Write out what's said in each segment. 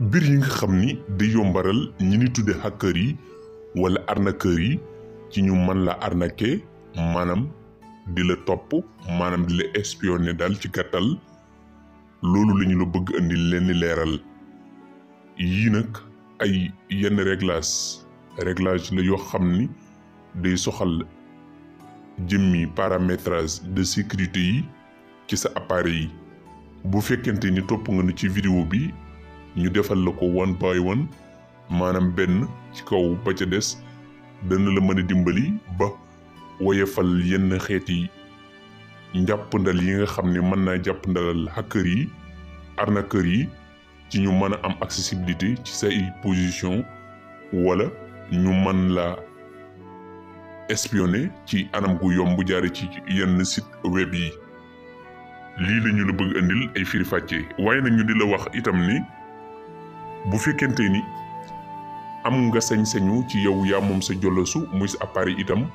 mbir yi nga xam ni di yombaral ñi ni tudde hackers yi wala arnaqueurs yi ci ñu mën la arnaquer maanaam di la topp maanaam di la espionner daal ci gàttal loolu la la bëgg indi leen ni leeral yii nag ay yenn réglage réglage la yoo xam ni day soxal jëmmi paramétrage de sécurité yi ci sa appareil yi bu fekkente ni topp nga nu ci vidéo bi ñu defal la ko one by one maanaam benn ci kaw ba ca des dana la mën a dimbali ba woyefal yenn xeeti njàppandal yi nga xam ni mën naa jàpp jàppandalal hacker yi kër yi ci ñu mën a am accessibilité ci say position wala ñu mën la espionner ci anam gu yomb jaare ci yenn site web yi lii la ñu la bëgg andil ay firi fàcce waaye nag ñu di la wax itam ni bu fekkente ni am nga sañ-sañu ci yow yaa moom sa jolosu muy sa appareil itam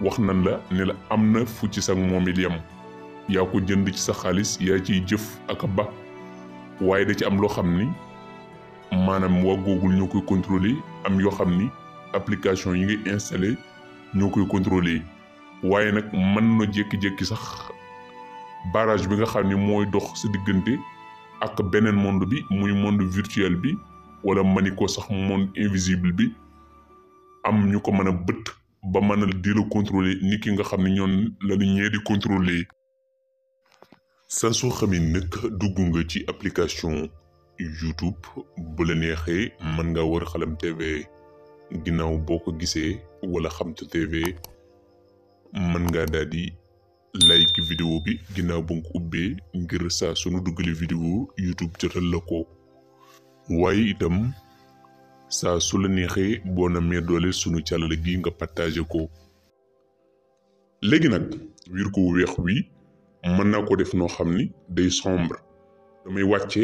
wax nan la ne la am na fu ci sa moomil yam yaa ko jënd ci sa xaalis yaa ciy jëf ak ba waaye da ci am loo xam ni maanaam waa Google ñoo koy contrôler am yoo xam ni application yi ngay installé ñoo koy contrôler waaye nag man na jékki-jékki sax barrage bi nga xam ni mooy dox sa diggante ak beneen monde bi muy monde virtuel bi wala mani ko sax monde invisible bi am ñu ko mën a bëtt ba mën a di la contrôler nit ki nga xam ne ñoom lañu ñee di contrôler saa soo xamee nag dugg nga ci application YouTube bu la neexee mën nga wër Xalam TV ginnaaw boo ko gisee wala Xamtu TV mën nga daal like vidéo bi ginnaaw ba nga ubbee ngir saa sunu duggale vidéo YouTube jotal la ko waaye itam saa su la neexee boo na mee doole sunu càllale gi nga partagé ko léegi nag wiir ko weex wi mën naa ko def noo xam ni day sombre damay wàcce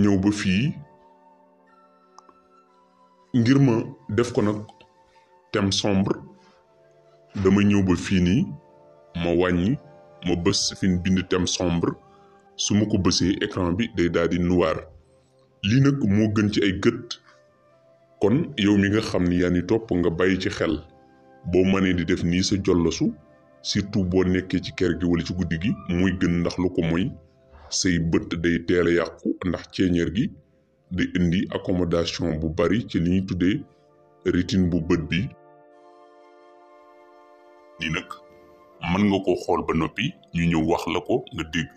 ñëw ba fii ngir ma def ko nag thème sombre dama ñëw ba fii nii ma wàññi ma bës fi mu bind thème sombre su ma ko bësee écran bi day daal di noir lii nag moo gën ci ay gët kon yow mi nga xam ni yaa ni topp nga bàyyi ci xel boo mënee di def nii sa jollosu surtout boo nekkee ci kër gi wala ci guddi gi muy gën ndax lu ko mooy say bët day teel yàqu ndax ceeñeer gi day indi accommodation bu bari ci li ñuy tuddee rétine bu bët bi ni nag mën nga ko xool ba noppi ñu ñëw wax la ko nga dégg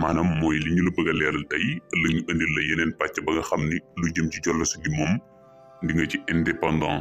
maanaam mooy li ñu la bëgg a leeral tey li ñu indil la yeneen pàcc ba nga xam ni lu jëm ci jollosu gi moom di nga ci indépendant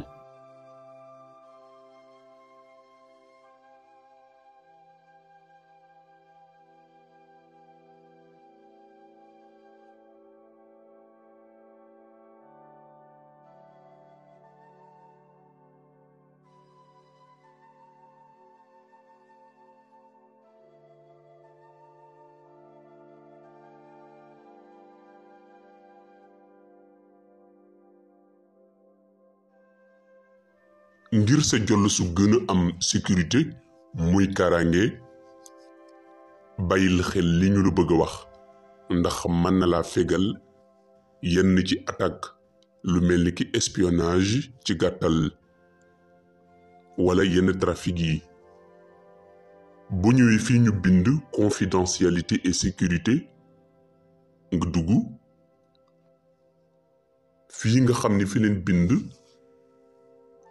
ngir sa jollu su gën am sécurité muy kaaraange bàyyil xel li ñu la bëgg a wax ndax mën na laa fegal yenn ci attaque lu mel ni ki espionnage ci gàttal wala yenn trafic yi bu ñëwee fii ñu bind confidentialité et sécurité nga dugg fii nga xam ni fi leen bind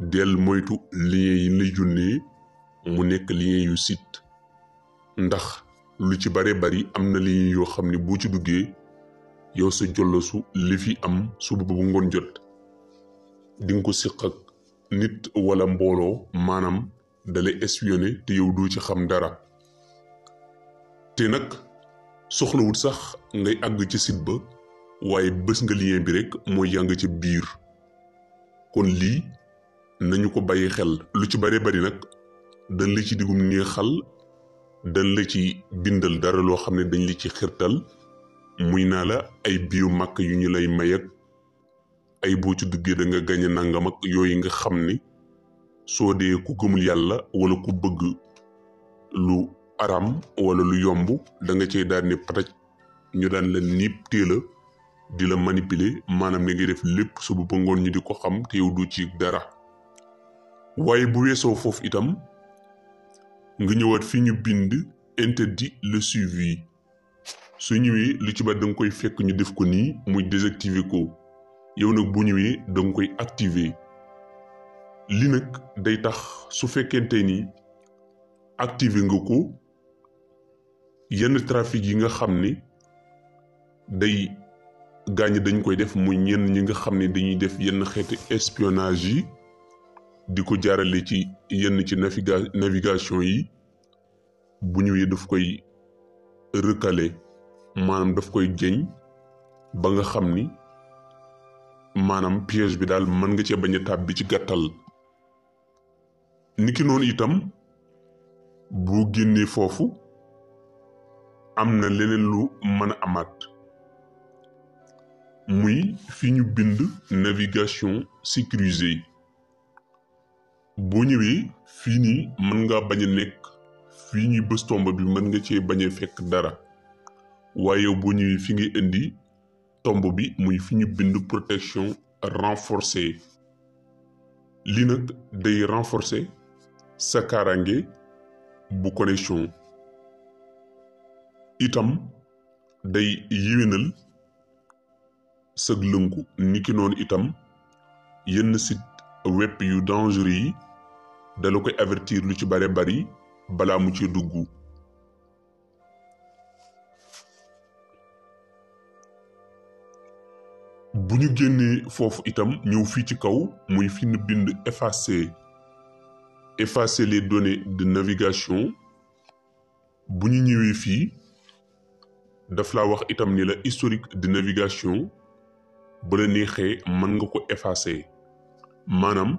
del moytu lien yi lay yónnee mu hmm. nekk lien yu site ndax lu ci bare bari am na lien yoo xam ne boo ci duggee yow sa jollosu li fi am suba bu ngoon jot di ko siq ak nit wala mbooloo maanaam dalay espionné te yow doo ci xam dara te nag soxlawul sax ngay àgg ci site ba waaye bés nga lien bi rekk mooy yàng ca biir kon lii nañu ko bayyi xel lu ci bare bari nag dañ la ci digum neexal dañ la ci bindal dara loo xam ne dañ la ci xirtal muy naa la ay biyu màkk yu ñu lay may ak ay boo ci duggee da nga gañe nangam ak yooyu nga xam soo ku gëmul yàlla wala ku bëgg lu aram wala lu yomb da nga cey daal ne pataj ñu daan la niib téela di la manipuler maanaam ne def lépp su bu ngoon ñu di ko xam te yow du ci dara waaye bu weesoo foofu itam nga ñëwaat fi ñu bind interdit le suivi su ñëwee lu ci ba da koy fekk ñu def ko nii muy désactiver ko yow nag bu ñëwee da nga koy activer li nag day tax su fekkente ni activer nga ko yenn trafic yi nga xam ne day gaañ dañ koy def muy ñenn ñi nga xam ne dañuy def yenn xeeti espionnage yi di ko jaarale ci yenn ci naviga navigation yi bu ñëwee daf koy recalé maanaam daf koy jëñ ba nga xam ni maanaam piège bi daal mën nga cee bañ a tàbbi ci gàttal niki noonu itam bu génnee foofu am na leneen lu mën a amaat muy fi ñu bind navigation sécurisée boo ñëwee fii nii mën nga bañ a nekk fii ñuy bës tomb bi mën nga cee bañ fekk dara waaye yow boo ñëwee fi ngay indi tomb bi muy fi ñu bind protection renforcée li nag day renforcer sa kaaraange bu connexion itam day yéwénal sëg lënku niki noonu itam yenn site web yu dangereux yi dala koy avertir lu ci bare bari balaa mu ci dugg bu ñu génnee foofu itam ñëw fii ci kaw muy fi ñu bind effacer effacer les données de navigation bu ñu ñëwee fii daf la wax itam ni la historique de navigation ba neexee mën nga ko effacer maanaam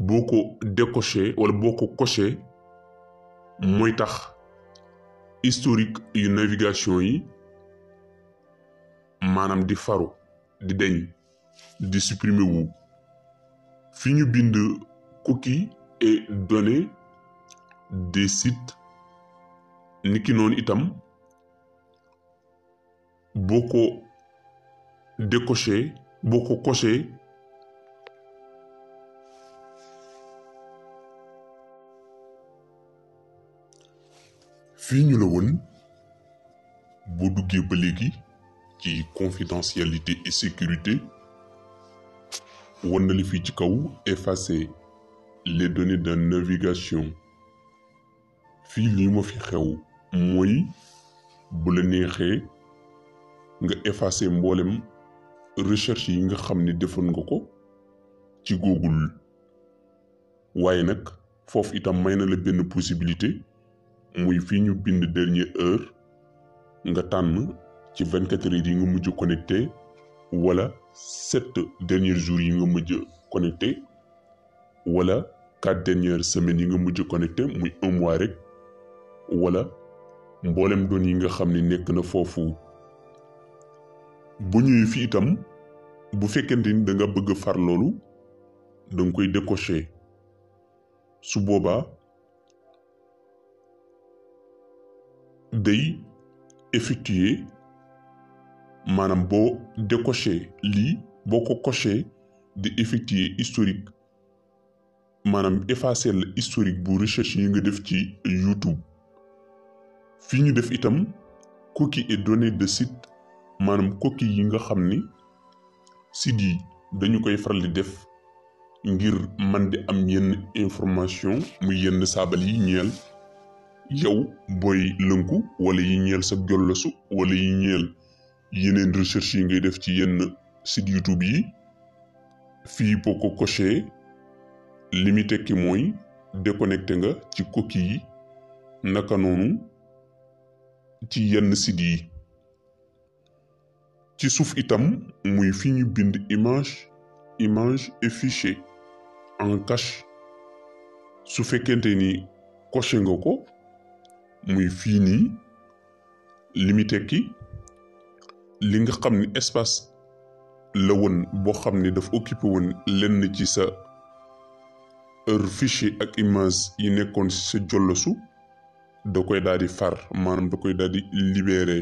Boko dekoche décoché wala Boko cocher coché historique yu navigation yi manam di faru di deñ di supprimer ou, fini bind et données des sites niki non itam Boko de décoché beaucoup fii ñu la woon boo duggee ba léegi ci confidentialité et sécurité won na li fii ci kaw effacer les données de navigation fii lii ma fi xew mooy bu la neexee nga effacer mboolem recherche yi nga xam ni defoon nga ko ci Google waaye nag foofu itam may na la benn possibilité muy fii ñu bind dernière heure nga tànn ci vingt quatre yi nga mujj connecté wala set derniers jours yi nga mujj connecté wala quatre dernières semaines yi nga mujj connecté muy un mois rek wala mboolem doon yi nga xam ni nekk na foofu bu ñuy fi itam bu fekkente ni da nga bëgg far loolu da nga koy décoché su boobaa day effectuer maanaam boo décoché lii boo ko coché di effectuer historique maanaam effacer la historique bu recherche yi nga def ci YouTube fii ñu def itam cookies et données de site maanaam cookies yi nga xam ni site yi dañu koy faral di def ngir man di am yenn information muy yenn saabal yi ñeel yow booy lënku wala yi ñeel sa jollosu wala yi ñeel yeneen recherche yi ngay def ci yenn site YouTube yi fii boo ko coché mooy déconnecté nga ci coquille yi naka noonu ci yenn site yi ci suuf itam muy fi ñu bind image image et fichier en cache su fekkente ni coché nga ko muy fii nii li muy tekki li nga xam ni espace la woon boo xam ni dafa occupé woon lenn ci sa heure fichier ak image yi nekkoon ci sa jollosu da koy daal di far maanaam da koy daal di libéré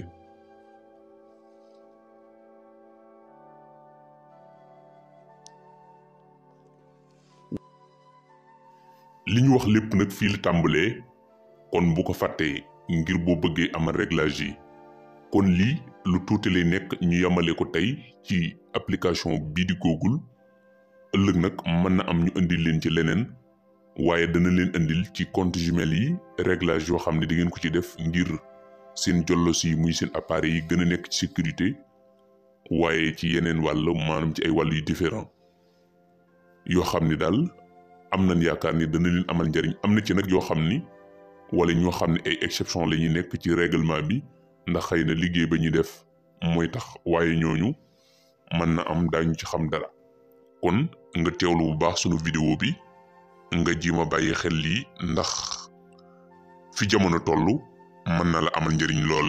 li ñu wax lépp nag fii la tàmbalee kon bu ko fàttee ngir boo bëggee amal réglage yi kon lii lu tuuti lay nekk ñu yamale ko tey ci application bii di Google ëllëg nag mën na am ñu indil leen ci leneen waaye dana leen indil ci compte Gmail yi réglage yoo xam ne di ngeen ko ci def ngir seen jollos yi muy seen appareil yi gën a nekk ci sécurité waaye ci yeneen wàll maanaam ci ay wàll yu différent yoo xam ni daal am na yaakaar ni dana leen amal njariñ am na ci nag yoo xam ni wala ñoo xam ne ay exception la ñuy nekk ci règlement bi ndax xëy na liggéey ba ñu def mooy tax waaye ñooñu mën na am daañu ci xam dara kon nga teewlu bu baax sunu vidéo bi nga ma bàyyi xel lii ndax fi jamono toll mën na la amal njëriñ lool